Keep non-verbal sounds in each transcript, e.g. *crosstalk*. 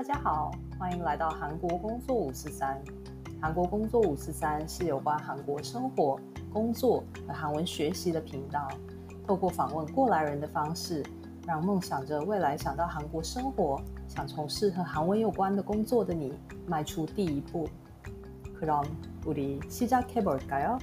大家好，歡迎來到韓國工作五四三。韓國工作五四三是有關韓國生活、工作和韓文學習的頻道。透過訪問過來人的方式，讓夢想着未來想到韓國生活、想從事和韓文有關的工作的你邁出第一步。嗯。그럼우리시작해볼까요?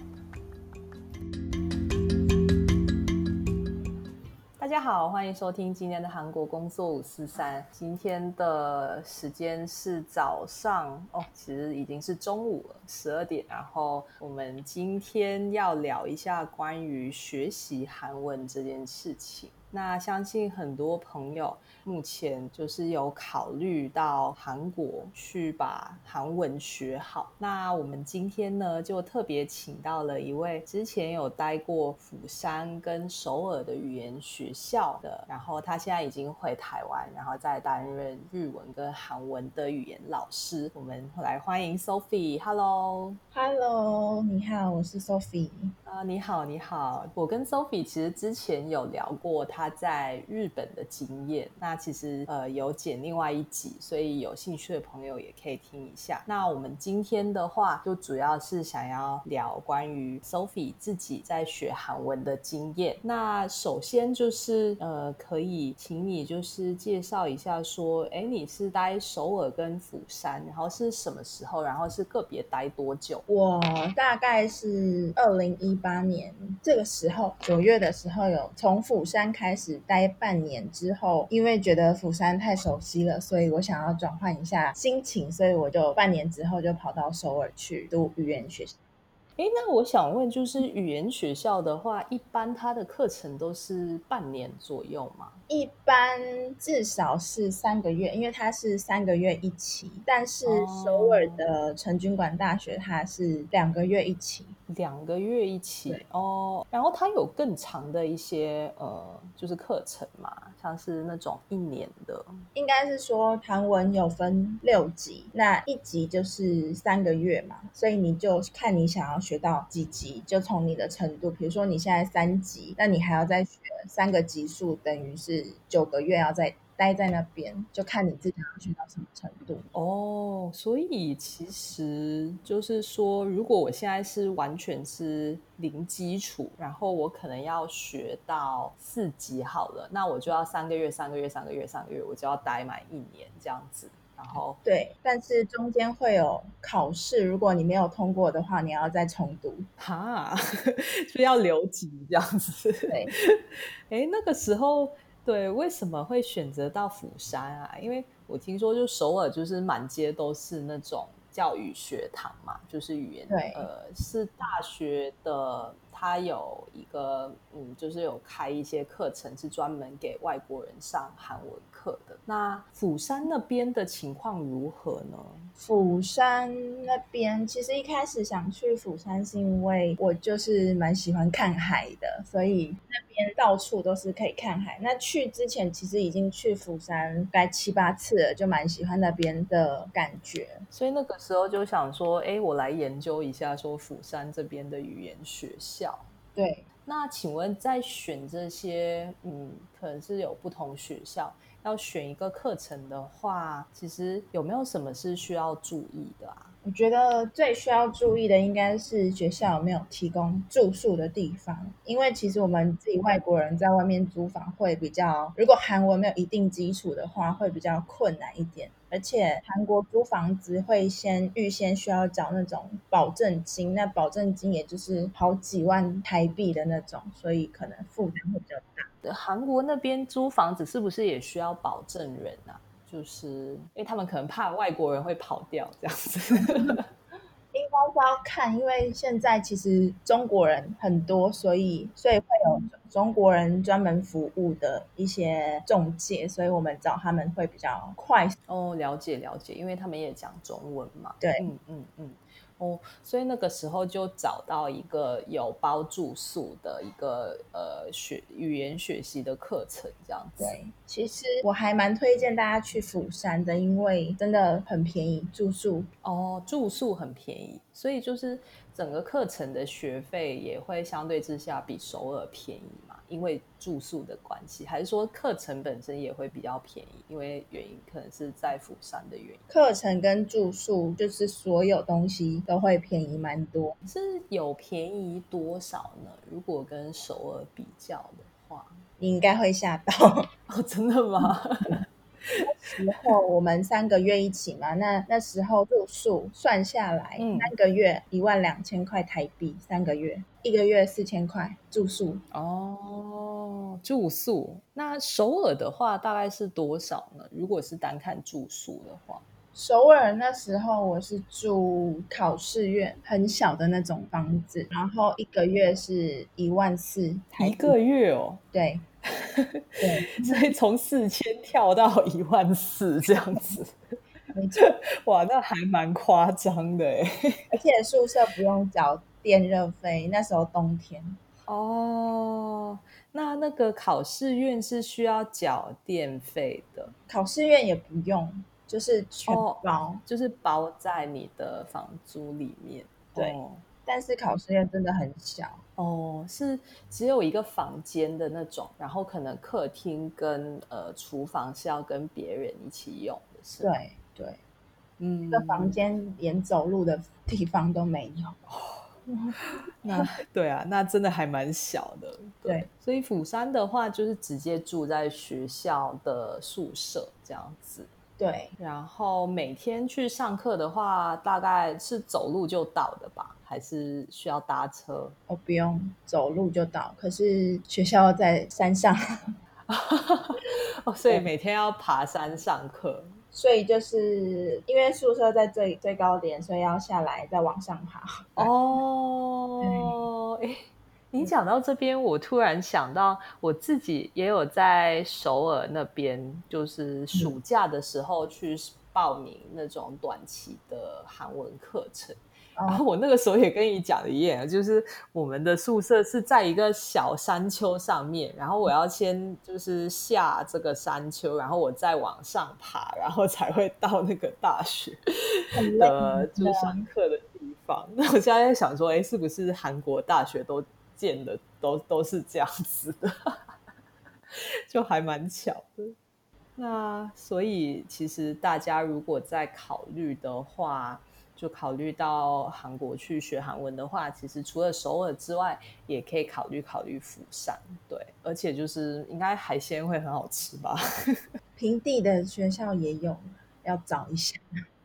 大家好，歡迎收聽今天的韓國工作五四三。今天的時間是早上，哦，其實已經是中午了，十二點。然後我們今天要聊一下關於學習韓文這件事情。那相信很多朋友目前就是有考慮到韓國去把韓文學好。那我們今天呢，就特別請到了一位之前有待過釜山跟首爾的語言學校的，然後他現在已經回台灣，然後在擔任日文跟韓文的語言老師。我們來歡迎 Sophie Hello。Hello，Hello，你好，我是 Sophie。啊、uh，你好，你好，我跟 Sophie 其實之前有聊過她在日本的經驗，那其實呃有剪另外一集，所以有興趣的朋友也可以聽一下。那我們今天的話，就主要是想要聊關於 Sophie 自己在學韓文的經驗。那首先就是呃，可以請你就是介紹一下說，說哎你是待首爾跟釜山，然後是什麼時候，然後是個別待多久？我大概是二零一。八年這個時候，九月的時候有從釜山開始待半年之後，因為覺得釜山太熟悉了，所以我想要轉換一下心情，所以我就半年之後就跑到首爾去讀語言學校。哎，那我想問，就是語言學校的話，一般它的課程都是半年左右嗎？一般至少是三個月，因為它是三個月一期，但是首爾的成均館大學它是兩個月一期。哦嗯兩個月一起哦，然後它有更長的一些呃，就是課程嘛，像是那種一年的，應該是說韓文有分六級，那一級就是三個月嘛，所以你就看你想要學到幾級，就從你的程度，比如說你現在三級，那你還要再學三個級數，等於是九個月要再。待在那邊，就看你自己要學到什麼程度哦。所以其實就是說，如果我現在是完全是零基礎，然後我可能要學到四級好了，那我就要三個月、三個月、三個月、三個月，我就要待滿一年這樣子。然後對，但是中間會有考試，如果你沒有通過的話，你要再重讀哈， *laughs* 就要留級這樣子。對，哎，那個時候。對，為什麼會選擇到釜山啊？因為我聽說，就首爾就是滿街都是那種教育學堂嘛，就是語言呃，呃，是大學的。他有一個嗯，就是有開一些課程，是專門給外國人上韓文課的。那釜山那邊的情況如何呢？釜山那邊其實一開始想去釜山，是因為我就是蠻喜歡看海的，所以那邊到處都是可以看海。那去之前其實已經去釜山待七八次了，就蠻喜歡那邊的感覺，所以那個時候就想說，哎，我來研究一下，說釜山這邊的語言學校。對，那請問在選這些，嗯，可能是有不同學校，要選一個課程的話，其實有沒有什麼是需要注意的啊？我覺得最需要注意的應該是學校有沒有提供住宿的地方，因為其實我們自己外國人在外面租房會比較，如果韓文沒有一定基礎的話，會比較困難一點。而且韓國租房子會先預先需要交那種保證金，那保證金也就是好幾萬台幣的那種，所以可能負擔會比較大。韓國那邊租房子是不是也需要保證人啊？就是因為他們可能怕外國人會跑掉這樣子，應該是要看，因為現在其實中國人很多，所以所以會有中國人專門服務的一些中介，所以我們找他們會比較快哦。了解了解，因為他們也講中文嘛。對，嗯嗯嗯。嗯哦，所以那個時候就找到一個有包住宿的一個呃學語言學習的課程，這樣子。對，其實我還蠻推薦大家去釜山的，因為真的很便宜，住宿。哦，住宿很便宜，所以就是整個課程的學費也會相對之下比首爾便宜。因為住宿的關係，還是說課程本身也會比較便宜？因為原因可能是在釜山的原因，課程跟住宿就是所有東西都會便宜蠻多。是有便宜多少呢？如果跟首爾比較的話，你應該會嚇到。哦，真的嗎？ *laughs* *laughs* 那時候我們三個月一起嘛，那,那時候住宿算下來，三個月一萬兩千塊台幣，三個月、嗯、一個月四千塊住宿。哦，住宿。那首爾的話大概是多少呢？如果是單看住宿的話，首爾那時候我是住考試院很小的那種房子，然後一個月是一萬四台幣，一個月哦，對。 *laughs* 對，所以從四千跳到一萬四這樣子， *laughs* 沒錯，哇，那還蠻誇張的。而且宿舍不用繳電熱費，那時候冬天哦。那那個考試院是需要繳電費的，考試院也不用，就是全包。哦，就是包在你的房租裡面，對。哦但是考試院真的很小哦，是只有一個房間的那種，然後可能客廳跟呃廚房是要跟別人一起用的。是。對對，嗯，這個、房間連走路的地方都沒有。哦、那 *laughs* 對啊，那真的還蠻小的對。對，所以釜山的話就是直接住在學校的宿舍這樣子。對，然後每天去上課的話，大概是走路就到的吧，還是需要搭車？哦，不用，走路就到。可是學校在山上， *laughs* 哦，所以每天要爬山上課。所以就是因為宿舍在最最高點，所以要下來再往上爬。哦，嗯你講到這邊，我突然想到我自己也有在首爾那邊，就是暑假的時候去報名那種短期的韓文課程。嗯、然後我那個時候也跟你講了一樣，就是我們的宿舍是在一個小山丘上面，然後我要先就是下這個山丘，然後我再往上爬，然後才會到那個大學的、嗯呃嗯、就上課的地方。嗯、那我現在在想說，哎，是不是韓國大學都？見的都都是這樣子的， *laughs* 就還蠻巧的。那所以其實大家如果在考慮的話，就考慮到韓國去學韓文的話，其實除了首爾之外，也可以考慮考慮釜山。對，而且就是應該海鮮會很好吃吧？ *laughs* 平地的學校也有，要找一下。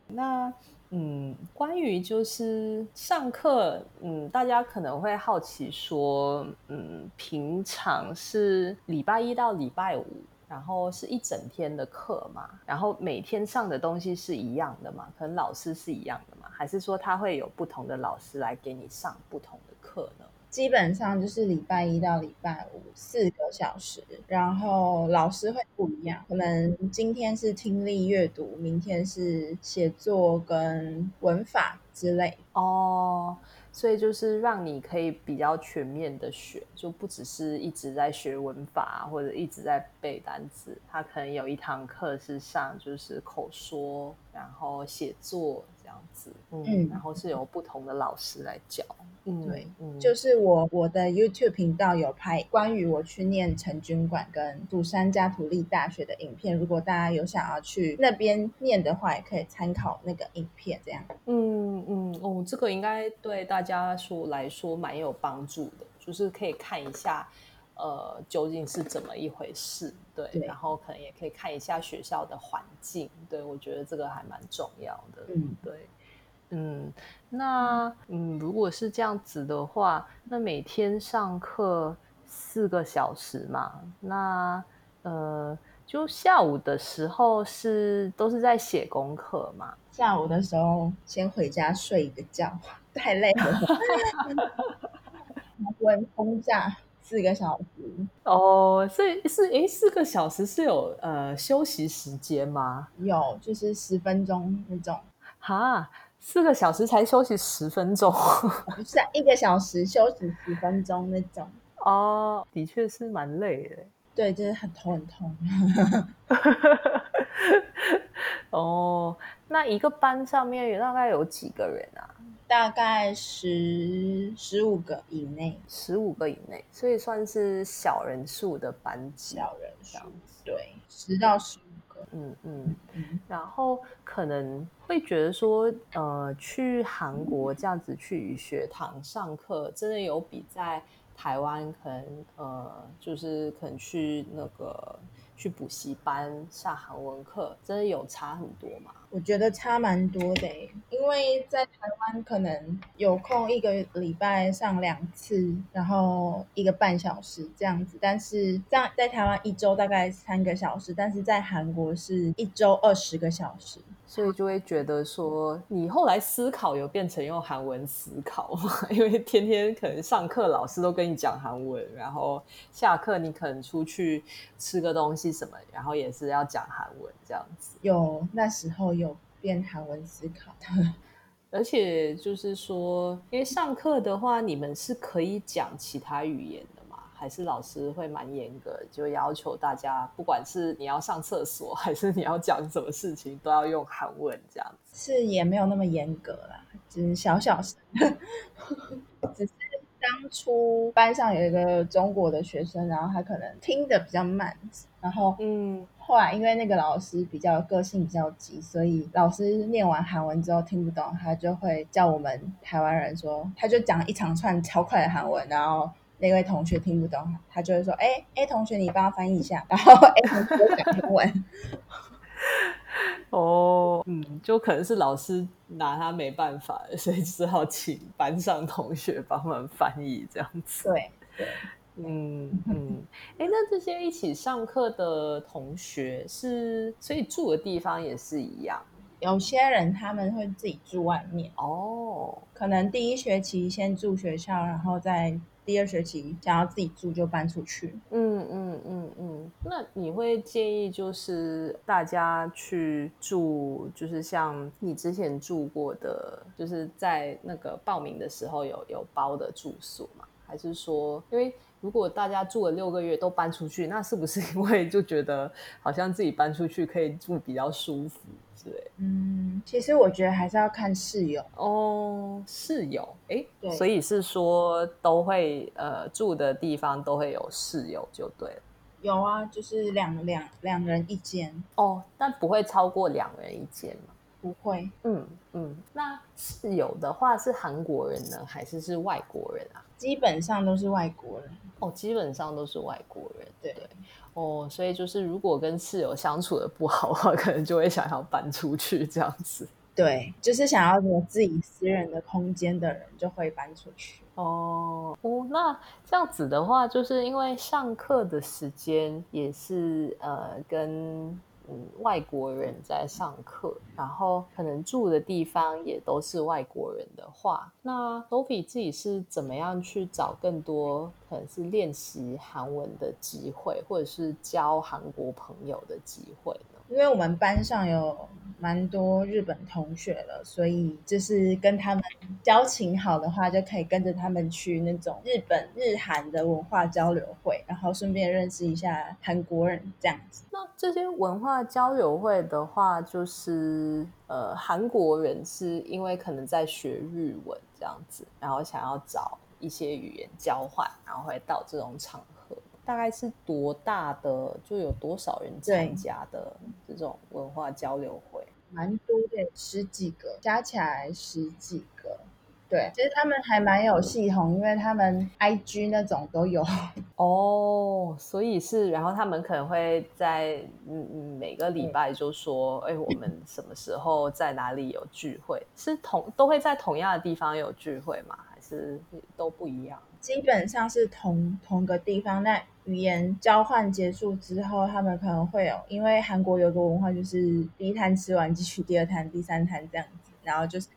那。嗯，關於就是上課，嗯，大家可能會好奇說，嗯，平常是禮拜一到禮拜五，然後是一整天的課嘛，然後每天上的東西是一樣的嘛，可能老師是一樣的嘛，還是說他會有不同的老師來給你上不同的課呢？基本上就是禮拜一到禮拜五四個小時，然後老師會不一樣，可能今天是聽力閱讀，明天是寫作跟文法之類。哦，所以就是讓你可以比較全面的學，就不只是一直在學文法或者一直在背單詞。他可能有一堂課是上就是口說，然後寫作。子，嗯，嗯，然後是由不同的老師來教，嗯、對、嗯，就是我我的 YouTube 頻道有拍關於我去念成均館跟釜山加圖立大學的影片，如果大家有想要去那邊念的話，也可以參考那個影片，這樣，嗯嗯，哦，這個應該對大家說來說蠻有幫助的，就是可以看一下。呃，究竟是怎麼一回事對？對，然後可能也可以看一下學校的環境，對，我覺得這個還蠻重要的。嗯，對，嗯，那嗯，如果是這樣子的話，那每天上課四個小時嘛，那呃，就下午的時候是都是在寫功課嘛？下午的時候先回家睡一個覺，太累了，文 *laughs* 轟 *laughs* *laughs* 炸。四個小時哦，所以是，哎四個小時是有呃休息時間嗎？有，就是十分鐘那種。哈，四個小時才休息十分鐘？不是，一個小時休息十分鐘那種。哦，的確是蠻累的。對，真、就是很痛很痛。 *laughs* *laughs* 哦，那一個班上面大概有幾個人啊？大概十十五個以內，十五個以內，所以算是小人數的班級，小人數，對，十到十五個，嗯嗯嗯，然後可能會覺得說，呃，去韓國這樣子去學堂上課，真的有比在台灣可能，呃，就是可能去那個。去補習班上韓文課，真的有差很多嗎？我覺得差蠻多的欸，因為在台灣可能有空一個禮拜上兩次，然後一個半小時這樣子，但是在在台灣一周大概三個小時，但是在韓國是一周二十個小時。所以就會覺得說，你後來思考有變成用韓文思考嗎？因為天天可能上課老師都跟你講韓文，然後下課你可能出去吃個東西什麼，然後也是要講韓文這樣子。有，那時候有變韓文思考的，而且就是說，因為上課的話，你們是可以講其他語言的。還是老師會蠻嚴格，就要求大家，不管是你要上廁所，還是你要講什麼事情，都要用韓文這樣子。是也沒有那麼嚴格啦，只是小小聲。 *laughs* 只是當初班上有一個中國的學生，然後他可能聽得比較慢，然後嗯，後來因為那個老師比較個性比較急，所以老師念完韓文之後聽不懂，他就會叫我們台灣人說，他就講一長串超快的韓文，然後。那位同學聽不懂，他就會說：“哎、欸、哎、欸，同學，你幫我翻譯一下。”然後，哎、欸，同學就講英文。 *laughs* 哦，嗯，就可能是老師拿他沒辦法，所以只好請班上同學幫忙翻譯這樣子。對，嗯嗯，哎、嗯，那這些一起上課的同學是，所以住的地方也是一樣。有些人他們會自己住外面哦，可能第一學期先住學校，然後再。第二學期想要自己住就搬出去。嗯嗯嗯嗯，那你會建議就是大家去住，就是像你之前住過的，就是在那個報名的時候有有包的住宿嗎？還是說因為。如果大家住了六個月都搬出去，那是不是因為就覺得好像自己搬出去可以住比較舒服之類？嗯，其實我覺得還是要看室友哦。室友，哎，對，所以是說都會呃住的地方都會有室友就對了。有啊，就是兩兩兩人一間哦，但不會超過兩人一間嘛？不會，嗯嗯。那室友的話是韓國人呢，還是是外國人啊？基本上都是外國人。哦，基本上都是外國人，對對，哦，所以就是如果跟室友相處的不好的話，可能就會想要搬出去這樣子，對，就是想要有自己私人的空間的人就會搬出去。嗯。哦，哦，那這樣子的話，就是因為上課的時間也是呃跟。嗯，外國人在上課，然後可能住的地方也都是外國人的話，那都 o 自己是怎麼樣去找更多可能是練習韓文的機會，或者是交韓國朋友的機會？因為我們班上有蠻多日本同學了，所以就是跟他們交情好的話，就可以跟着他們去那種日本、日韓的文化交流會，然後順便認識一下韓國人這樣子。那這些文化交流會的話，就是呃，韓國人是因為可能在學日文這樣子，然後想要找一些語言交換，然後會到這種場。大概是多大的就有多少人參加的這種文化交流會？蠻多的，十幾個，加起來十幾個。對，其實他們還蠻有系統，嗯，因為他們 IG 那種都有。哦，所以是，然後他們可能會在，嗯、每個禮拜就說、嗯：“哎，我們什麼時候在哪裡有聚會？” *laughs* 是同都會在同樣的地方有聚會嗎？還是都不一樣？基本上是同同個地方，那。語言交換結束之後，他們可能會有，因為韓國有個文化，就是第一攤吃完繼續第二攤、第三攤這樣子，然後就是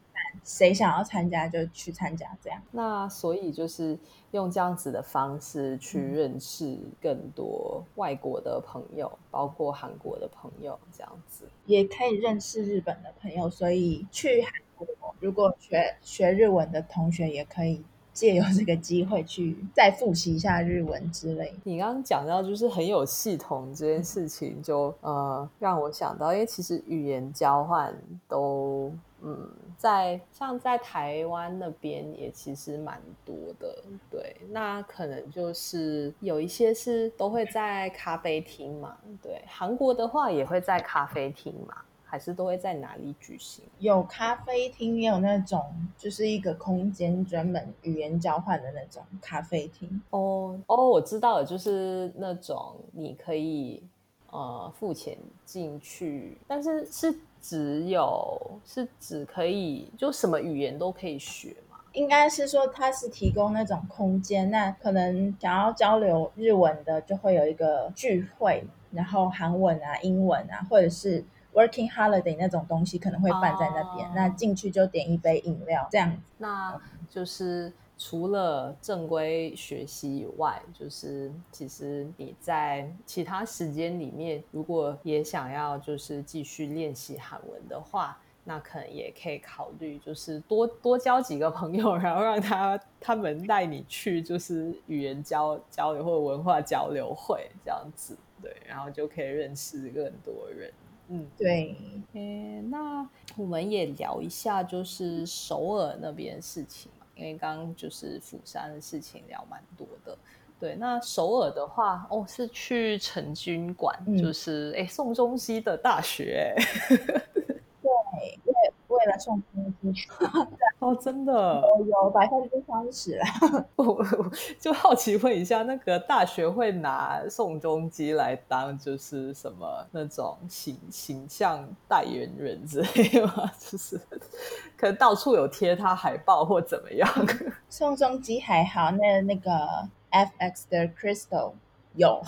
誰想要參加就去參加這樣。那所以就是用這樣子的方式去認識更多外國的朋友，嗯、包括韓國的朋友這樣子，也可以認識日本的朋友。所以去韓國，如果學學日文的同學也可以借由這個機會去再複習一下日文之類。你剛剛講到就是很有系統這件事情就，就 *laughs* 呃讓我想到，因為其實語言交換都嗯在像在台灣那邊也其實蠻多的，對。那可能就是有一些是都會在咖啡廳嘛，對。韓國的話也會在咖啡廳嘛？還是都會在哪裡舉行？有咖啡廳，也有那種就是一個空間專門語言交換的那種咖啡廳。哦哦，我知道了，就是那種你可以呃付錢進去，但是是只有是只可以就什麼語言都可以學嘛？應該是說它是提供那種空間，那可能想要交流日文的就會有一個聚會，然後韓文啊、英文啊，或者是。Working holiday 那種東西可能會辦在那邊，oh, 那進去就點一杯飲料，這樣。那就是除了正規學習以外，就是其實你在其他時間裡面，如果也想要就是繼續練習韓文的話，那可能也可以考慮就是多多交幾個朋友，然後讓他他們帶你去就是語言交交流或文化交流會，這樣子，對，然後就可以認識更多人。嗯，對，誒、okay,，那我們也聊一下，就是首爾那邊事情嘛，因為剛剛就是釜山的事情聊蠻多的，對，那首爾的話，哦，是去成均館，就是、嗯、誒，宋仲基的大學， *laughs* *noise* 啊、哦，真的哦，有百分之三十了。我就好奇問一下，那個大學會拿宋仲基來當就是什麼那種形形象代言人之類嗎？就是可能到處有貼他海報或怎麼樣、嗯？宋仲基還好，那那個 FX 的 Crystal 有。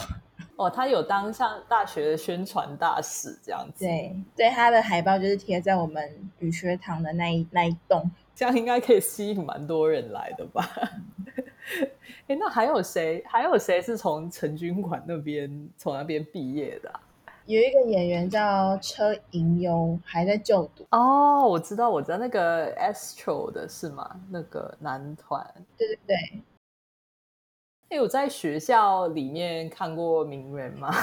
哦，他有當上大學的宣傳大使這樣子。對對，他的海報就是貼在我們語學堂的那一那一棟，這樣應該可以吸引蠻多人來的吧？哎、 *laughs* 欸，那還有誰？還有誰是從成均館那邊從那邊畢業的、啊？有一個演員叫車銀優，還在就讀。哦，我知道，我知道那個 ASTRO 的是嗎？嗯、那個男團、就是？對對對。誒，有在學校裡面看過名人嗎？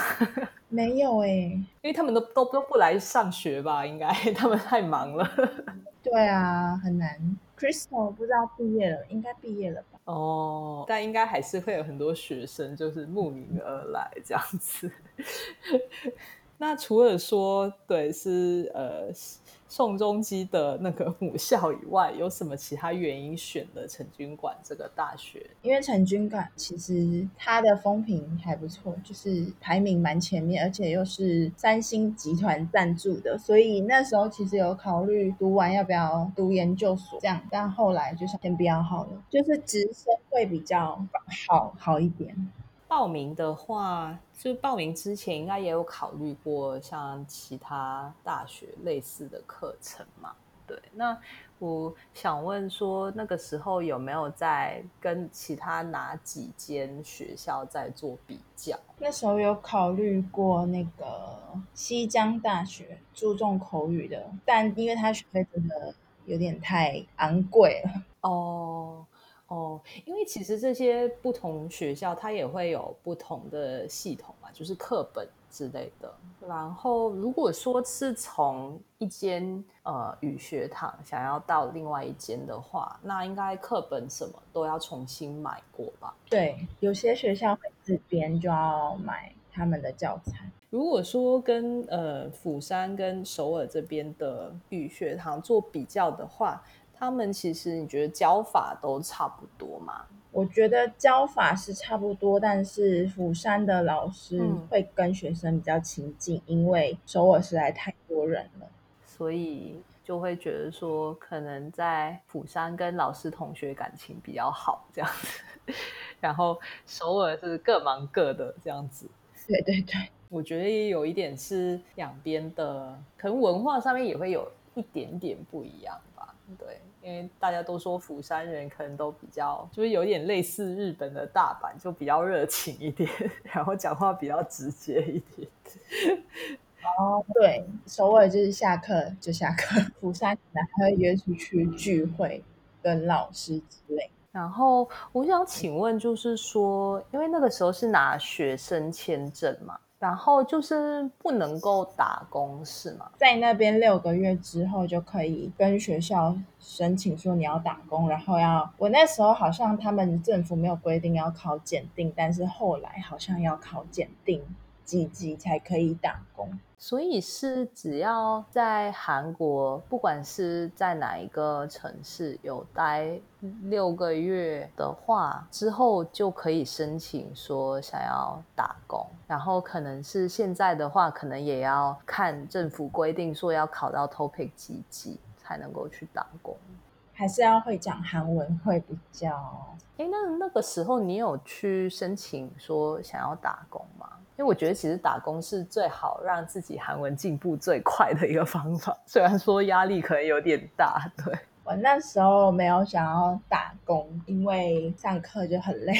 *laughs* 沒有哎、欸，因為他們都都,都不來上學吧？應該他們太忙了。 *laughs* 對啊，很難。Crystal 不知道畢業了，應該畢業了吧？哦，但應該還是會有很多學生就是慕名而來這樣子。 *laughs* 那除了說，對，是呃。宋仲基的那個母校以外，有什麼其他原因選了成均館這個大學？因為成均館其實它的風評還不錯，就是排名蠻前面，而且又是三星集團贊助的，所以那時候其實有考慮讀完要不要讀研究所這樣，但後來就是先比較好了，就是直升會比較好好一點。報名的話，就報名之前應該也有考慮過像其他大學類似的課程嘛？對，那我想問說，那個時候有沒有在跟其他哪幾間學校在做比較？那時候有考慮過那個西江大學，注重口語的，但因為他學費真的有點太昂貴了。哦、Oh. 哦，因為其實這些不同學校它也會有不同的系統嘛，就是課本之類的。然後如果說是從一間呃語學堂想要到另外一間的話，那應該課本什麼都要重新買過吧？對，有些學校會自編，就要買他們的教材。如果說跟呃釜山跟首爾這邊的語學堂做比較的話。他們其實你覺得教法都差不多嗎？我覺得教法是差不多，但是釜山的老師會跟學生比較親近，嗯，因為首爾實在太多人了，所以就會覺得說可能在釜山跟老師同學感情比較好這樣子。然後首爾是各忙各的這樣子。對對對，我覺得也有一點是兩邊的，可能文化上面也會有一點點不一樣。對，因為大家都說釜山人可能都比較，就是有點類似日本的大阪，就比較熱情一點，然後講話比較直接一點。哦，對，首爾就是下課就下課，釜山人還會約出去聚會、跟老師之類。然後我想請問，就是說，因為那個時候是拿學生簽證嘛？然後就是不能夠打工，是嗎？在那邊六個月之後就可以跟學校申請說你要打工，然後要，我那時候好像他們政府沒有規定要考檢定，但是後來好像要考檢定幾級才可以打工。所以是只要在韓國，不管是在哪一個城市有待六個月的話，之後就可以申請說想要打工。然後可能是現在的話，可能也要看政府規定說要考到 TOPIC 幾級才能夠去打工，還是要會講韓文會比較。誒，那那個時候你有去申請說想要打工嗎？因為我覺得其實打工是最好讓自己韓文進步最快的一個方法，雖然說壓力可能有點大。對，我那時候沒有想要打工，因為上課就很累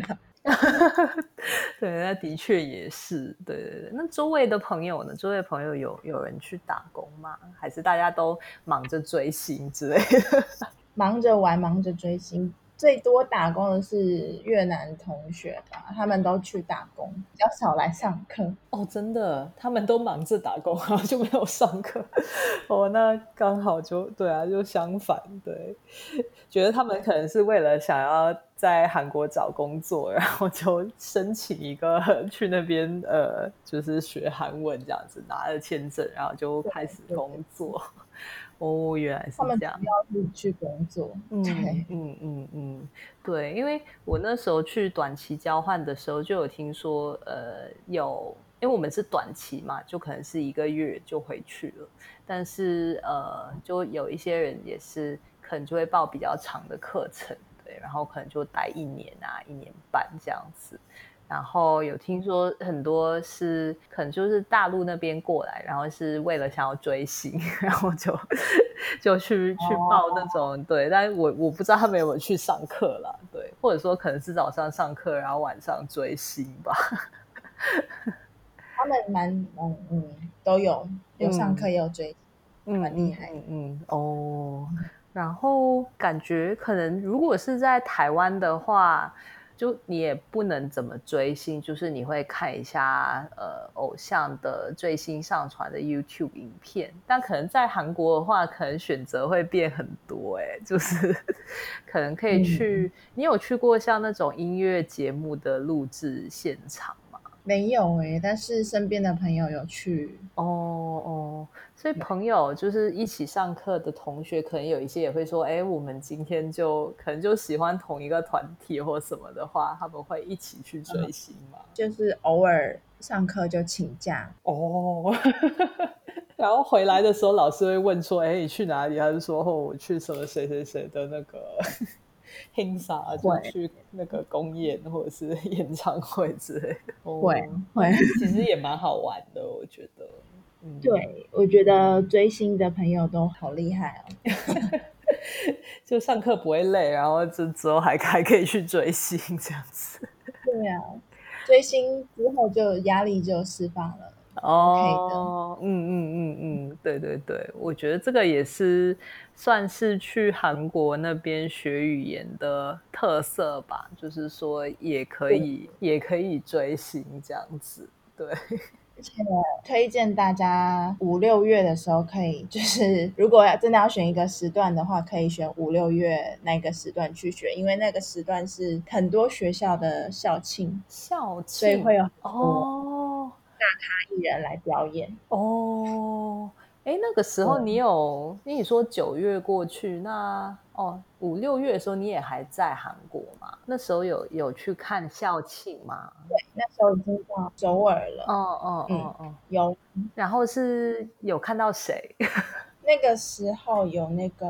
了。 *laughs* *laughs* 對，那的確也是。對對對，那周圍的朋友呢？周圍的朋友有有人去打工嗎？還是大家都忙着追星之類的？ *laughs* 忙着玩，忙着追星。最多打工的是越南同學吧，他們都去打工，比較少來上課。哦，真的，他們都忙着打工，然後就沒有上課。哦，那剛好就對啊，就相反，對，覺得他們可能是為了想要在韓國找工作，然後就申請一個去那邊，呃，就是學韓文這樣子，拿了簽證，然後就開始工作。哦，原來是這樣。要去工作，嗯，嗯嗯嗯，對，因為我那時候去短期交換的時候，就有聽說，呃，有，因為我們是短期嘛，就可能是一個月就回去了，但是呃，就有一些人也是可能就會報比較長的課程，對，然後可能就待一年啊，一年半這樣子。然後有聽說很多是可能就是大陸那邊過來，然後是為了想要追星，然後就就去、Oh. 去報那種對，但是我我不知道他們有沒有去上課啦，對，或者說可能是早上上課，然後晚上追星吧。他們蠻、哦、嗯嗯都有有上課也有追，蠻、嗯、厲害嗯嗯哦嗯，然後感覺可能如果是在台灣的話。就你也不能怎麼追星，就是你會看一下呃偶像的最新上傳的 YouTube 影片，但可能在韓國的話，可能選擇會變很多誒、欸，就是可能可以去、嗯。你有去過像那種音樂節目的錄製現場？沒有哎、欸，但是身邊的朋友有去哦哦，所以朋友就是一起上課的同學，可能有一些也會說，哎，我們今天就可能就喜歡同一個團體或什麼的話，他們會一起去追星嗎？就是偶爾上課就請假哦， *laughs* 然後回來的時候老師會問說，哎，你去哪裡？他就說、哦、我去什麼誰誰誰的那個？聽啥、啊、就去那個公演或者是演唱會之類的，會會、哦，其實也蠻好玩的，我覺得。對，嗯、我覺得追星的朋友都好厲害哦。 *laughs* 就上課不會累，然後之之後還還可以去追星這樣子。對啊，追星之後就壓力就釋放了。哦、oh, okay, so. 嗯，嗯嗯嗯嗯，對對對，我覺得這個也是算是去韓國那邊學語言的特色吧，就是說也可以也可以追星這樣子，對。而且我推薦大家五六月的時候可以，就是如果要真的要選一個時段的話，可以選五六月那個時段去學，因為那個時段是很多學校的校慶，校慶，所以會有哦。嗯大咖藝人來表演哦！哎，那個時候你有跟、嗯、你說九月過去那哦，五六月的時候你也還在韓國嘛？那時候有有去看校慶嗎？對，那時候已經到首爾了。哦哦哦、嗯、哦，有。然後是有看到誰？那個時候有那個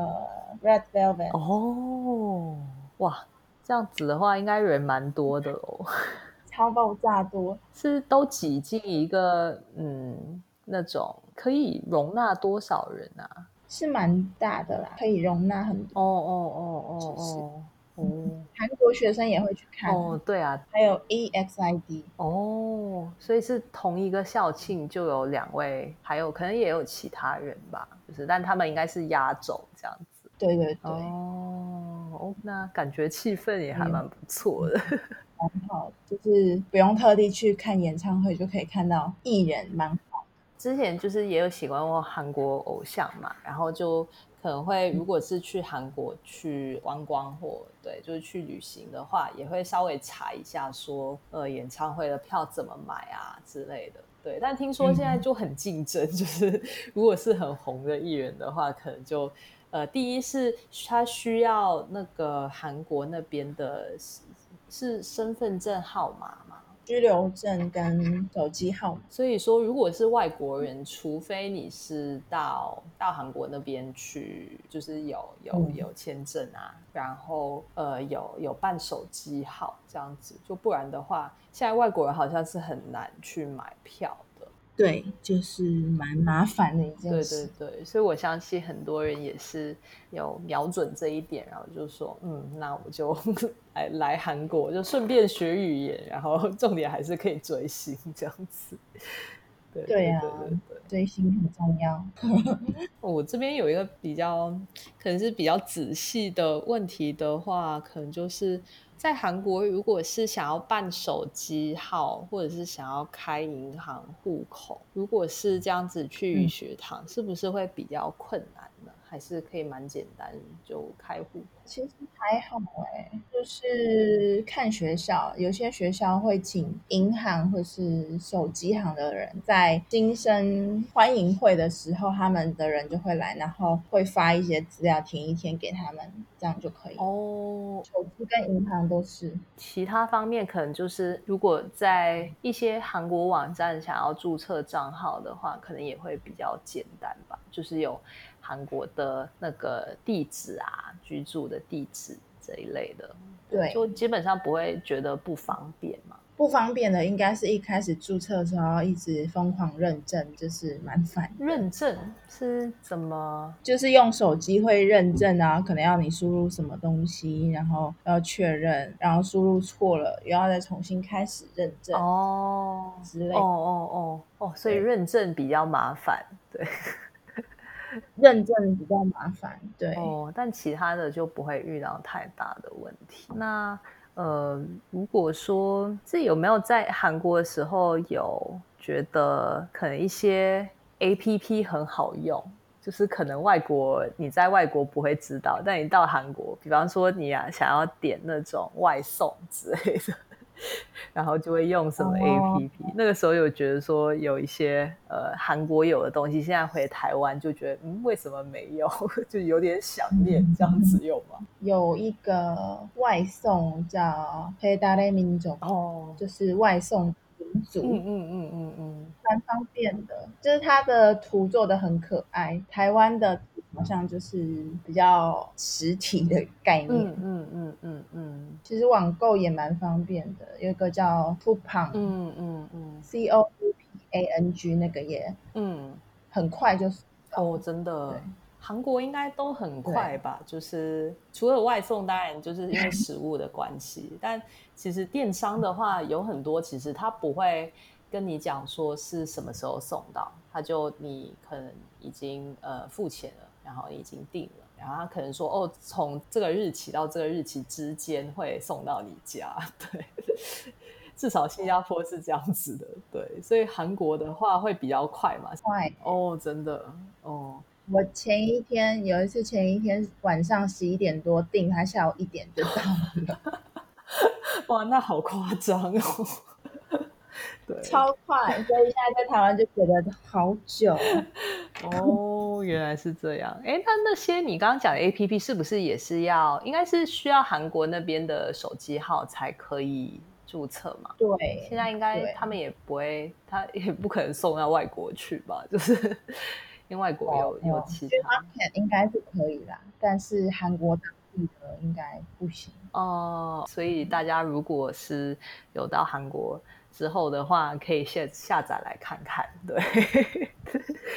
Red Velvet 哦，哇，這樣子的話應該人蠻多的哦。超爆炸多，是都擠進一個嗯，那種可以容納多少人啊？是蠻大的啦，可以容納很多。哦哦哦哦哦、就是、哦！韓國學生也會去看哦？對啊，還有 EXID 哦，所以是同一個校慶就有兩位，還有可能也有其他人吧，就是但他們應該是壓軸這樣子。對對對哦，那感覺氣氛也還蠻不錯的。嗯很好，就是不用特地去看演唱會就可以看到藝人，蠻好。之前就是也有喜歡過韓國偶像嘛，然後就可能會、嗯、如果是去韓國去觀光或對，就是去旅行的話，也會稍微查一下說呃演唱會的票怎麼買啊之類的。對，但聽說現在就很競爭、嗯，就是如果是很紅的藝人的話，可能就呃第一是他需要那個韓國那邊的。是身份證號碼嗎？居留證跟手機號。所以說，如果是外國人，除非你是到到韓國那邊去，就是有有有簽證啊，嗯、然後呃有有辦手機號這樣子，就不然的話，現在外國人好像是很難去買票。對，就是蠻麻煩的一件事。對對對，所以我相信很多人也是有瞄準這一點，然後就說，嗯，那我就來，來韓國，就順便學語言，然後重點還是可以追星，這樣子。對，對，對，對，對，對，對啊，追星很重要。 *laughs* 我這邊有一個比較，可能是比較仔細的問題的話，可能就是在韓國，如果是想要辦手機號，或者是想要開銀行戶口，如果是這樣子去學堂，嗯、是不是會比較困難呢？還是可以蠻簡單，就開戶。其實還好哎、欸，就是看學校，有些學校會請銀行或是手機行的人，在新生歡迎會的時候，他們的人就會來，然後會發一些資料填一填給他們，這樣就可以哦。手機跟銀行都是。其他方面可能就是，如果在一些韓國網站想要注冊賬號的話，可能也會比較簡單吧，就是有。韓國的那個地址啊，居住的地址這一類的，對，就基本上不會覺得不方便嘛。不方便的應該是一開始註冊的時候，然後，一直瘋狂認證，就是蠻煩。認證是怎麼？就是用手機會認證啊，然後可能要你輸入什麼東西，然後要確認，然後輸入錯了又要再重新開始認證哦之類。哦哦哦哦，所以認證比較麻煩，對。對認證比較麻煩，對哦，但其他的就不會遇到太大的問題。那呃，如果說是有沒有在韓國的時候有覺得可能一些 APP 很好用，就是可能外國你在外國不會知道，但你到韓國，比方說你啊想要點那種外送之類的。然後就會用什麼 APP？Oh, oh. 那個時候有覺得說有一些呃韓國有的東西，現在回台灣就覺得嗯為什麼沒有？ *laughs* 就有點想念、嗯、這樣子有嗎？有一個外送叫 Baedal Minjok 哦，就是外送民族，嗯嗯嗯嗯嗯蠻方便的，就是它的圖做的很可愛，台灣的。好像就是比較實體的概念。嗯嗯嗯嗯，嗯其實網購也蠻方便的，有一個叫 “Coupang”、嗯。嗯嗯嗯。C O P A N G 那個耶。嗯。很快就哦，真的。韓國應該都很快吧？就是除了外送，當然就是因為食物的關係。 *laughs* 但其實電商的話，有很多其實它不會跟你講說是什麼時候送到，他就你可能已經呃付錢了。然後你已經定了，然後他可能說哦，從這個日期到這個日期之間會送到你家。對，至少新加坡是這樣子的。對，所以韓國的話會比較快嘛。快哦？真的哦。我前一天有一次前一天晚上十一點多訂，他下午一點就到了， *laughs* 哇，那好誇張哦。對超快，所以現在在台灣就覺得好久 *laughs* 哦，原來是這樣。哎、欸，那那些你剛剛講的 APP 是不是也是要，應該是需要韓國那邊的手機號才可以註冊嘛？對，現在應該他們也不會，他也不可能送到外國去吧？就是因為外國有、oh, 有其他，oh, 應該是可以啦。但是韓國當地的應該不行哦。所以大家如果是有到韓國。之後的話，可以下下載來看看，對, *laughs*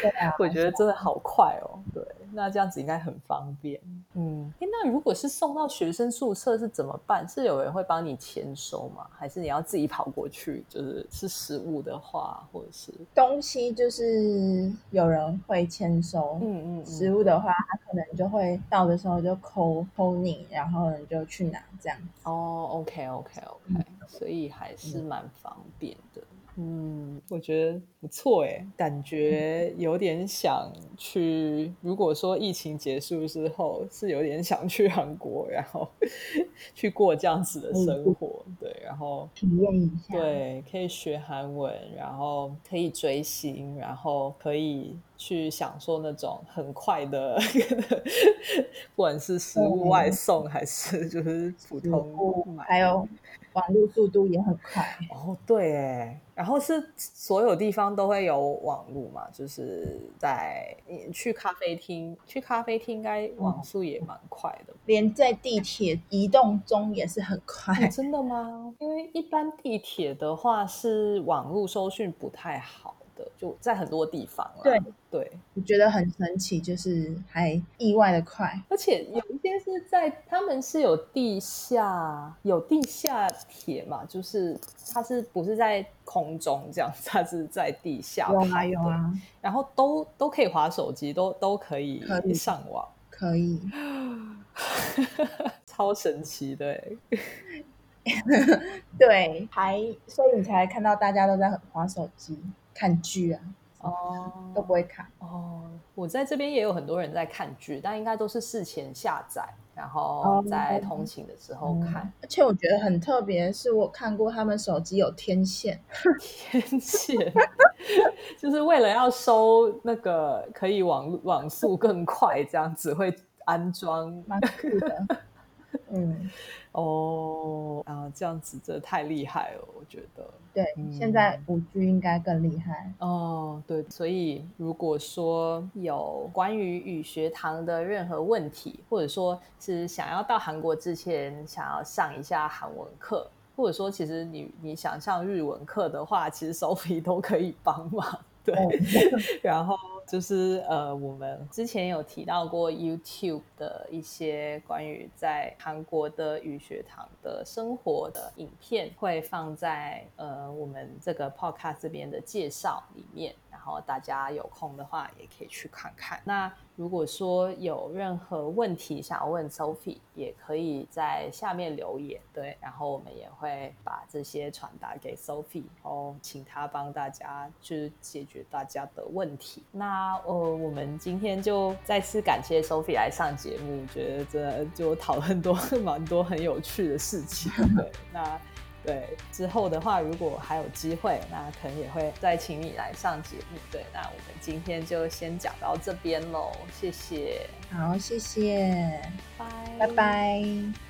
對啊，我覺得真的好快哦，對。那這樣子應該很方便，嗯，哎，那如果是送到學生宿舍是怎麼辦？是有人會幫你簽收嗎？還是你要自己跑過去？就是是食物的話，或者是東西就是有人會簽收，嗯嗯，嗯，食物的話，他可能就會到的時候就摳摳你，然後你就去拿這樣子。哦，OK OK OK，嗯、所以還是蠻方便的。嗯。嗯，我覺得不錯哎，感覺有點想去。如果說疫情結束之後，是有點想去韓國，然後去過這樣子的生活，嗯、對，然後體驗一下，對，可以學韓文，然後可以追星，然後可以去享受那種很快的，不管是食物外送還是就是普通的，還、嗯、有。嗯哎網絡速度也很快哦，對誒，然後是所有地方都會有網絡嘛，就是在你去咖啡廳，去咖啡廳應該網速也蠻快的，嗯，連在地鐵移動中也是很快，嗯，真的嗎？因為一般地鐵的話是網絡收訊不太好。就在很多地方了，對對，我覺得很神奇，就是還意外的快，而且有一些是在他們是有地下，有地下鐵嘛，就是它是不是在空中這樣，它是在地下，有啊有啊，然後都都可以滑手機，都都可以可以上網，可以，可以 *laughs* 超神奇的、欸， *laughs* 對，還所以你才看到大家都在滑手機。看劇啊，哦，都不會看哦。我在這邊也有很多人在看劇，但應該都是事前下載，然後在通勤的時候看。哦嗯嗯、而且我覺得很特別的是我看過他們手機有天線，天線 *laughs* 就是為了要收那個可以網網速更快，這樣子會安裝，蠻酷的。 *laughs* 嗯，哦，啊，這樣子真的太厲害了，我覺得。對，嗯、現在五 G 應該更厲害哦。Oh, 對，所以如果說有關於語學堂的任何問題，或者說是想要到韓國之前想要上一下韓文課，或者說其實你你想上日文課的話，其實 Sophie 都可以幫忙。對，oh, yeah. *laughs* 然後。就是呃，我們之前有提到過 YouTube 的一些關於在韓國的語學堂的生活的影片，會放在呃我們這個 Podcast 這邊的介紹裡面。然後大家有空的話也可以去看看。那如果說有任何問題想要問 Sophie，也可以在下面留言。對，然後我們也會把這些傳達給 Sophie，然後請她幫大家去解決大家的問題。那呃，我們今天就再次感謝 Sophie 來上節目，覺得這就討論很多蠻多很有趣的事情。對那。對，之後的話，如果還有機會，那可能也會再請你來上節目。對，那我們今天就先講到這邊咯，謝謝。好，謝謝，拜拜，拜拜。